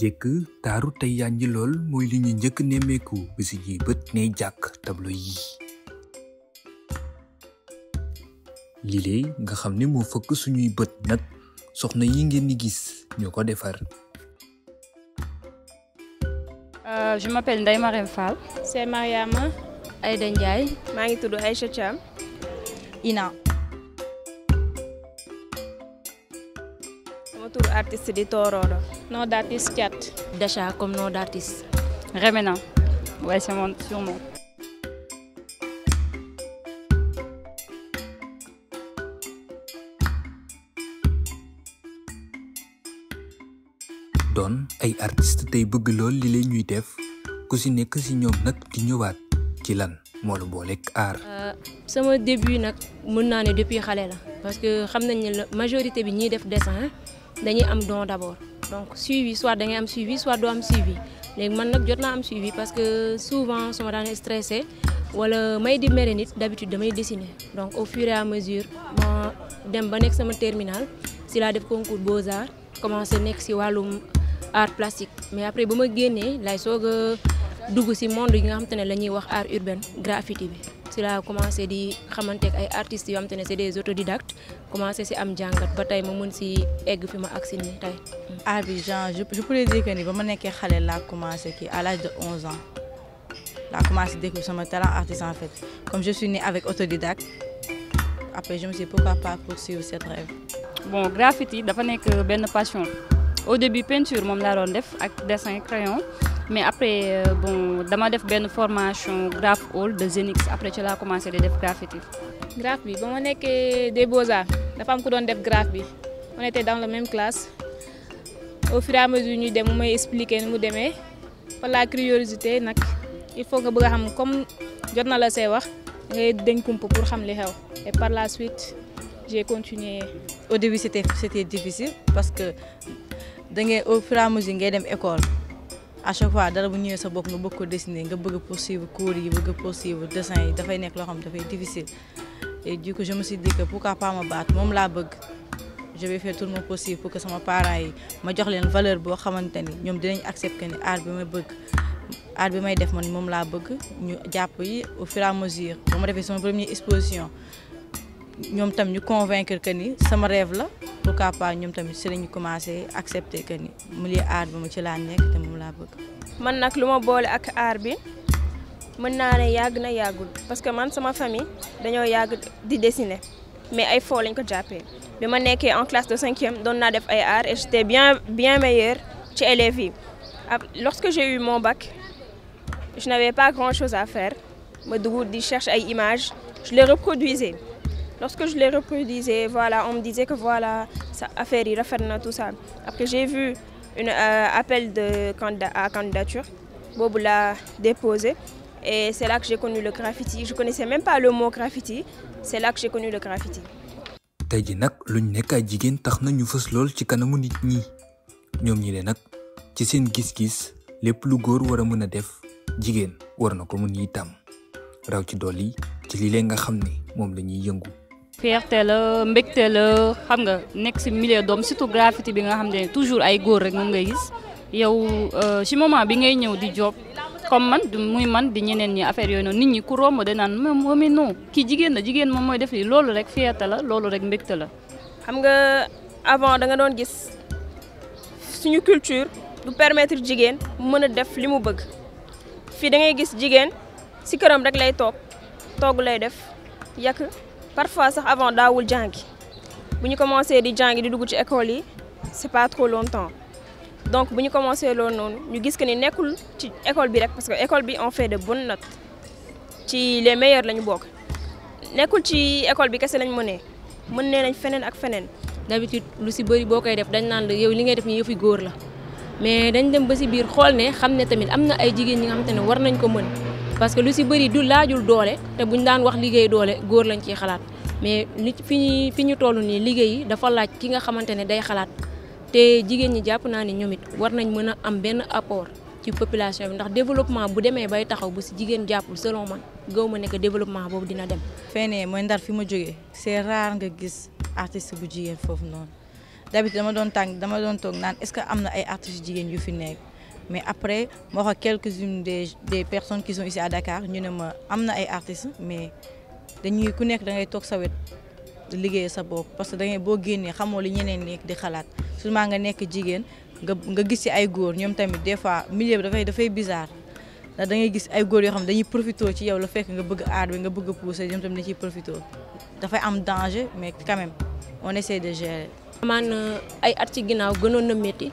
jekk taaru tey yànji lool mooy li ñu njëkk nemeeku bi si ñuy bët ne jàkk tableau yi lile nga xam ne moo fëkk suñuy bët nag soxna yi ngeen di gis ñoo ko defar nday euh, m'appelle Ndeye Marème Fall c'est Mariama Aïda Ndiaye maa ngi tudd Aïcha Thiam Ina artiste di Tororo. Nom d'artiste Kat. Dacha comme nom d'artiste. Remena. Ouais, c'est mon surnom. Don, ay artiste tay bëgg lool li lay ñuy def ku ci nekk ci ñom nak di ñëwaat ci lan mo lu la booleeg Euh, sama début nak mëna né depuis xalé la parce que xam nañ ne la majorité bi ñi def dessin hein, dañuy am don d'abord donc suivi soit dañuy am suivi soit do am suivi légui man nak jotna am suivi parce que souvent su ma stressé wala may di mere nit d'habitude damay dessiner donc au fur et à mesure ma dem ba nek sama terminal si laa def concours Beaux-Arts commencé nek si walum art plastique mais après ba ma lay soog a dugg monde yi nga xam te wax art urbain graffiti si laa commencé di ak ay artistes yo xam c'est des autodidactes commencé ci am jangat ba tey ma mën si egg fi ma agsi tay tey. Ah je pourrais dire que ni bama ma xalé la commencé ki à l'âge de 11 ans Là commencé découvrir mon talent artiste en fait comme je suis né avec autodidacte après je me suis pourquoi pas poursuivre cette rêve. bon graffiti dafa nek ben passion au début peinture mom la doon def ak dessin crayon mais après euh, bon dama une formation formation graph hall de Zenix après j'ai commencé à faire graffiti. Graff. bi on est que des beaux arts La femme qui fait def Graff, bi on était dans la même classe au fur et à mesure on m'expliquait expliquer par la curiosité il faut que bëgg comme je la il wax ngay dañ pour xam li et par la suite j'ai continué. au début c'était difficile parce que au fur et à mesure ngay dem école à chaque fois dara bu ñëwé sa nga bëgg ko dessiner nga bëgg poursuivre cours dessin yi difficile et du coup je me suis dit que pourquoi pas ma battre, je vais faire tout mon possible pour que sama parents yi ma jox valeur ni dinañ accepter que ni art bi bëgg art au fur et à mesure première exposition ñom tam ñu convaincre que ni sama rêve la pourquoi pas ñoom tamit si lañu commencé accepter que ni milieu art bi ci la nekk té mom la bëgg. man nak luma ma boole ak art bi mën naa ne yàgg na yagul parce que man sama famille dañoo yag di dessiner mais ay fo lañ ko jàppee bima ma en classe de 5 cinquième don na def ay art et j'étais bien bien meilleur ci élèves yi lorsque j'ai eu mon bac je n'avais pas grand chose à faire ma dugg di cherche ay images je les reproduisais. Lorsque je les reproduisais, voilà, on me disait que voilà, ça a fait rire, tout ça. Après, j'ai vu un euh, appel de à candidature, Bob l'a déposé. Et c'est là que j'ai connu le graffiti. Je ne connaissais même pas le mot graffiti. C'est là que j'ai connu le graffiti. tey nak luñ nek ay jigéen tax na ñu fës lool ci kanamu nit ñi ñom ñi ne nak ci seen gis-gis lépp lu goor wara mëna def jigen war na ko tam. itam raw ci doli ci li le nga mom lañuy fierté la mbégte la xam nga nek ci milieu doom surtout graffiti bi nga xam ne toujours ay góor rek mom ngay gis yow ci euh, moment bi ngay ñëw di job comme man muy man di ñeneen ñi affaire yooyu noonu nit ñi ku romb de naan moom non kii jigéen la jigéen moom mooy def lii loolu rek fierté la loolu rek mbégte la. xam nga avant da nga doon gis suñu culture du permettre jigéen mën a def li mu bëgg fii da ngay gis jigéen si këram rek lay toog togg lay def yàq parfois sax avant daawul jàngi bu ñu commencé di jàngi di dugg ci école yi c'est pas trop longtemps donc bu ñu commencé loolu noonu ñu gis que ni nekkul ci école bi rek parce que école bi on fait de bonnes notes ci les meilleurs la ñu bokk nekkul ci école bi kese lañ mënee mën nee nañ feneen ak fenen d'habitude lu ci bëri bokay def dañ naan yow li ngay def nii yëfi góor la mais dañ dem ba si biir xol né xamné tamit amna ay jigéen ñi nga xamanté war nañ ko mëne parce que lu si bëri du laajul doole te buñ daan wax liggéey doole góor lañ ciy xalaat mais li fi ñu fi ñu toll nii liggéey yi dafa laaj ki nga xamante ne day xalaat te jigéen ñi jàpp naa ne ñoom it war nañ mën a am benn apport ci population bi ndax développement bu demee bay taxaw bu si jigéen jàppul selon man gaw ma nekk que développement boobu dina dem. fenee mooy ndar fi ma jógee c'est rare nga gis artiste bu jigéen foofu noonu d'habitude dama doon tàng dama doon toog naan est que am na ay artistes jigéen yu fi nekk. mais après moi quelques-unes des des personnes qui sont ici à Dakar ñu ne ma am ay artistes mais dañuy ku nekk da ngay toog sa wet sa parce que da ngay boo génnee xamoo li ñeneen nek di xalaat seulement nga nek jigen nga nga gis ci ay góor ñom tamit des fois milieu fay da fay bizarre ndax da ngay gis ay góor yo xam dañuy profito ci yow la fekk nga bëgg aar bi nga bëgg pousser ñom tamit dañ profito da fay am danger mais quand même on essaie de gérer. man ay at ci gënoon na metti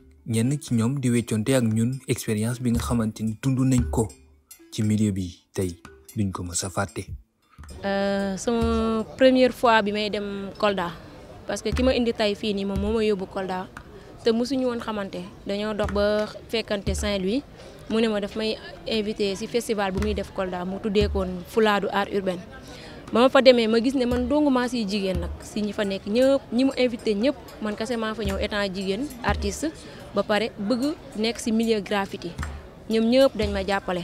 ñenn ci ñoom di weccoonte ak ñun expérience bi nga xamante ni dund nañ ko ci milieu bi tey duñ ko mës a fàtte. Euh, sama première fois bi may dem Kolda parce que ki ma indi tey fii nii moom moo ma yóbbu Kolda te mosuñu woon xamante dañoo dox ba fekkante Saint-Louis mu ne ma daf may invité ci festival bu muy def Kolda mu tuddee koon Fulaadu art urbain. ba ma fa demee ma gis ne man dong maa siy jigéen nag si ñi fa nekk ñëpp ñi mu invité ñëpp man kese maa fa ñëw étant jigéen artiste ba pare bëgg nekk si milieu graffiti ñoom ñëpp dañ ma jàppale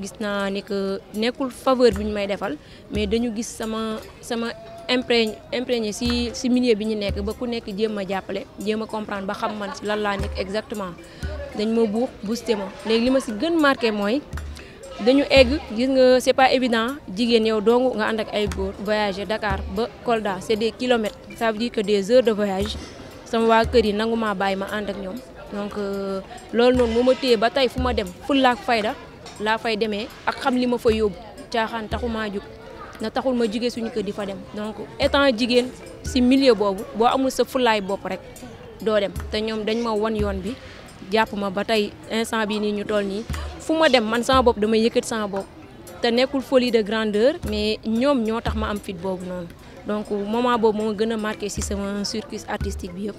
gis naa ni que nekkul faveur bi ñu may defal mais dañu gis sama sama imprégné imprégné si si milieu bi ñu nekk ba ku nekk jéem a jàppale jéem a comprendre ba xam man si lan laa nekk exactement dañ ma buux booster ma léegi li ma si gën marqué mooy dañu egg gis nga c'est pas évident jigéen yow dong nga ànd ak ay góor voyager dakaar ba Kolda c'est des kilomètres ça veut dire que des heures de voyage sama waa kër yi nangu maa bàyyi ma ànd ak ñoom donc euh, loolu noonu moo ma téye ba tey fu ma dem fulla ak fayda laa fay demee ak xam li ma fa yóbbu caaxaan taxu maa jug na taxul ma jugee suñu kër di fa dem donc étant jigéen si milieu boobu boo amul sa fullaay bopp rek doo dem te ñoom dañ ma won yoon bi jàpp ma ba tey instant bii nii ñu toll nii fu ma dem man sama bopp damay yëkkati sama bopp te nekkul folie de grandeur mais ñoom ñoo tax ma am fit boobu noonu donc moment boobu moo gën a marqué si sama circuit artistique bi yëpp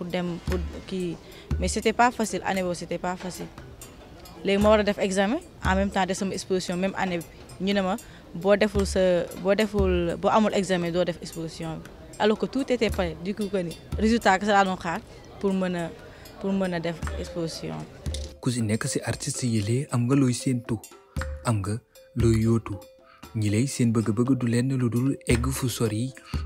pour dem pour kii mais c'était pas facile année boobu pas facile Les ma war def examen en même temps de sama exposition même année ñu ne ma boo deful ce bo deful boo amul examen do def exposition alors que tout était prêt du coup que ni résultat que ça laa xaar pour mën pour mën def exposition bi. ku ci nekk si artiste yi lee am nga looy séentu am nga loy yotu ñi lay seen bëgg-bëgg du lenn lu dul egg fu sori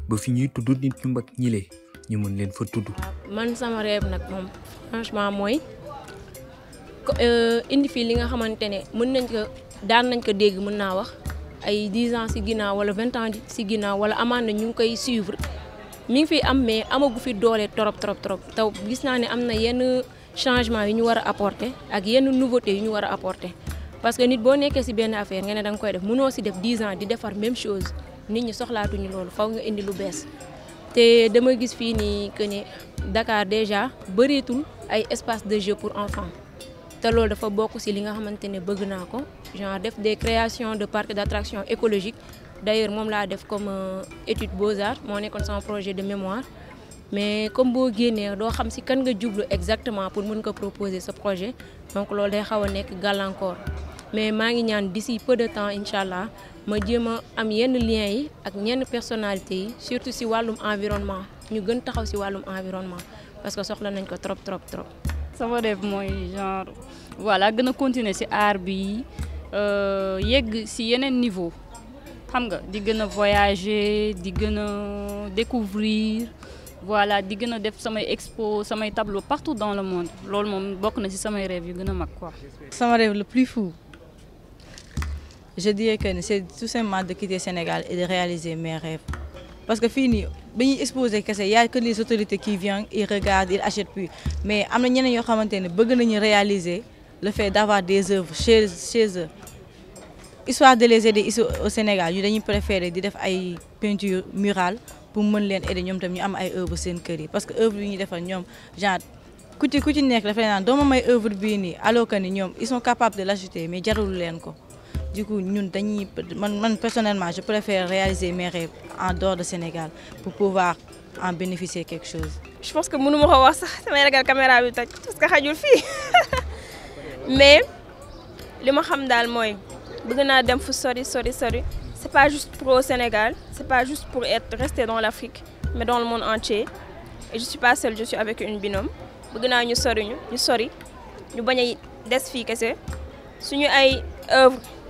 ba fi ñuy tudd nit ñu mag ñi lay ñu mën leen fa tudd. man sama rêve nag moom franchement mooy euh, indi fii li nga xamante ne mën nañ ko daan nañ ko dégg mun naa wax ay 10 ans si ginnaaw wala 20 ans si ginnaaw wala amaan na ñu ngi koy suivre mu ngi fi am mais amagu fi doole trop trop trop taw gis naa ne am na yenn changement yu ñu war a apporter ak yenn nouveauté yu ñu war a apporter parce que nit boo nekkee si benn affaire nga ne da nga koy def munoo si def 10 ans di defar même chose nit ñi soxlaatuñu loolu faw nga indi lu bees. te dama gis que ne Dakar déjà beaucoup ay espace de jeu pour enfants te loolu dafa bokk ci li nga xamante ne des créations de parcs d'attractions écologiques. d'ailleurs moom laa def comme euh, étude beaux-arts moo nekkoon un projet de mémoire mais comme vous génnee je xam ci kan nga exactement pour mën ko proposer ce projet donc loolu day xaw a gal encore, mais maa ngi ñaan d'ici peu de temps Inch'Allah, ma jéem am yenn lien yi ak ñenn personnalité yi surtout si walum environnement ñu gën taxaw si walum environnement parce que soxla nañ ko trop trop trop. sama def moy genre voilà gëna continuer ci art bi euh yegg si yenen niveau xam nga di gëna voyager di gëna découvrir voilà di gëna def sama expo sama tableau partout dans le monde lool mom bokk na ci sama rêve yu gëna mag quoi. sama rêve le plus fou je dirais que c'est tout simplement de quitter le Sénégal et de réaliser mes rêves. Parce que fini, ben ils exposent que il y a que les autorités qui viennent, ils regardent, ils achètent plus. Mais amna ñen ñoo xamantene bëgg nañu réaliser le fait d'avoir des œuvres chez chez eux. Histoire de les aider ici au Sénégal, ils dañuy préférer di def ay peinture murale pour mën leen aider ñoom tam ñu œuvres parce que œuvre yi ñuy defal ñoom genre ku ci ku ci nekk naan œuvre alors que nous, ils sont capables de l'acheter mais jarul leen ko. Du coup, nous, moi, personnellement, je préfère réaliser mes rêves en dehors du Sénégal pour pouvoir en bénéficier quelque chose. Je pense que je ne peux pas voir ça, je la caméra parce que je suis Mais ce que je sais, c'est que je veux sorry, sorry, sorry. Ce n'est pas juste pour au Sénégal, ce n'est pas juste pour être, rester dans l'Afrique, mais dans le monde entier. Et je ne suis pas seule, je suis avec une binôme. Je veux nous sorry, nous sorry. Nous voulons des filles, que c'est. Si nous avons œuvre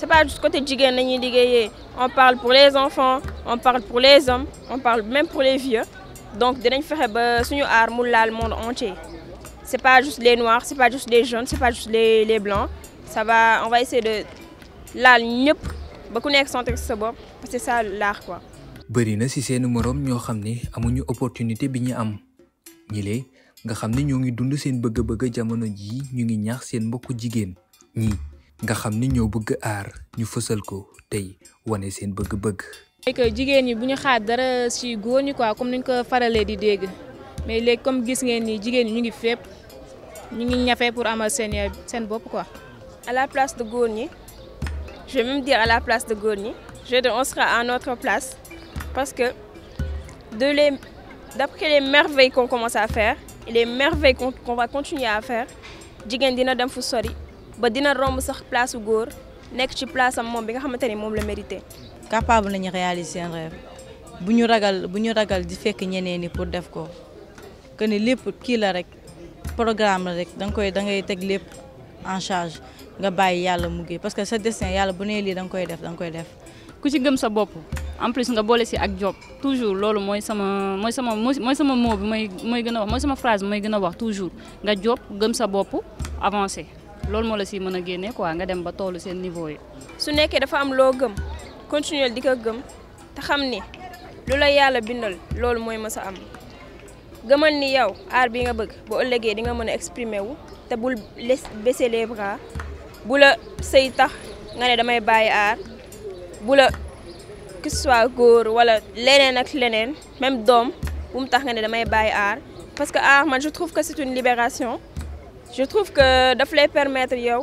c'est pas juste côté jigéen la on parle pour les enfants on parle pour les hommes on parle même pour les vieux donc dinañ fexé ba suñu art mu le monde entier c'est pas juste les noirs c'est pas juste les jeunes c'est pas juste les les blancs ça va on va essayer de lal ñep ba ku nekk santé sa bopp parce que c'est ça l'art quoi. bëri na ci seen ñoo xamni amuñu opportunité bi ñi am ñile nga xamni ne ñoo ngi dund seen bëgg-bëgg jamono ji ñu ngi ñaax ñi nga xam ni ñoo bëgg aar ñu fësal ko tey wane seen bëgg-bëgg. mooy que jigéen ñi bu ñu xaar dara ci góor ñi quoi comme ni ñu ko faralee di dégg mais léegi comme gis ngeen ni jigéen ñi ñu ngi fépp ñu ngi ñafe pour amal seen seen bopp quoi. à la place de góor ñi je vais même dire à la place de góor ñi je dis on sera à notre place parce que de les d'après les merveilles qu'on commence à faire et les merveilles qu'on qu va continuer à faire jigéen dina dem fu sori ba dina romb sax place su góor nekk ci place am moom bi nga xamanteni mom la mérité. capable nañu réaliser un rêve buñu ragal buñu ragal di fekk ñeneeni pour def ko que ne lepp ki la rek programme la rek dang koy dangay ngay lepp en charge nga bàyyi yalla mu gi parce que sa destin yalla bu nee lii da koy def dang koy def. ku ci gëm sa bop en plus nga bolé ci ak job toujours lolu moy sama moy sama moy sama mot bi mooy moy gëna wax moy sama phrase moy gëna wax toujours nga job gëm sa bop avancer je veux la si quoi nga dem ba sen niveau su dafa am lo gëm continuer di ko gëm te xam ni que bindal am gëmal ni yow art, bi nga bëgg bu di nga exprimer wu te bul baisser les bras bu la sey tax nga ne la que soit wala ak même homme. bu mu tax nga né damay un parce que je trouve que c'est une libération je trouve que daf lay permettre yow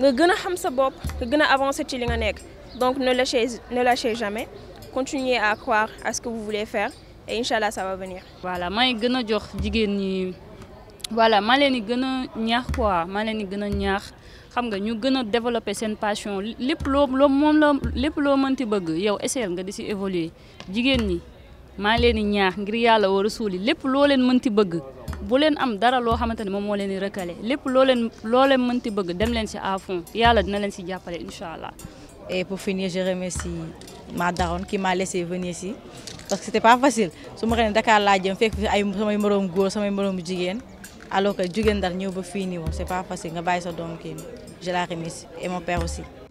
nga gën a xam sa bopp nga gën avancer ci li nga nekk donc ne lâchez ne lâchez jamais continuez à croire à ce que vous voulez faire et incha ça va venir. voilà may gën a jox jigéen ñi voilà maa leen di gën quoi maa leen di gën a ñaax xam nga ñu gën développer seen passion lépp loo loo moom la lépp loo mënti bëgg yow essayé nga di si évoluer jigéen ñi maa leen di ñaax ngir yàlla war a suuli lépp loo leen mënti bëgg bu leen am dara loo xamante ne moom moo leen di recalé lépp loo leen loo leen mënti bëgg dem leen si à fond yàlla dina leen si jàppale incha allah. et pour finir je remercie ma daronne qui m'a laissé venir ici parce que c'était pas facile su ma xëy Dakar laa jëm fekk fi ay samay moroom góor samay moroom jigéen alors que jigéen Ndar ñëw ba fii nii moom c'est pas facile nga bàyyi sa doom kii je la remercie et mon père aussi.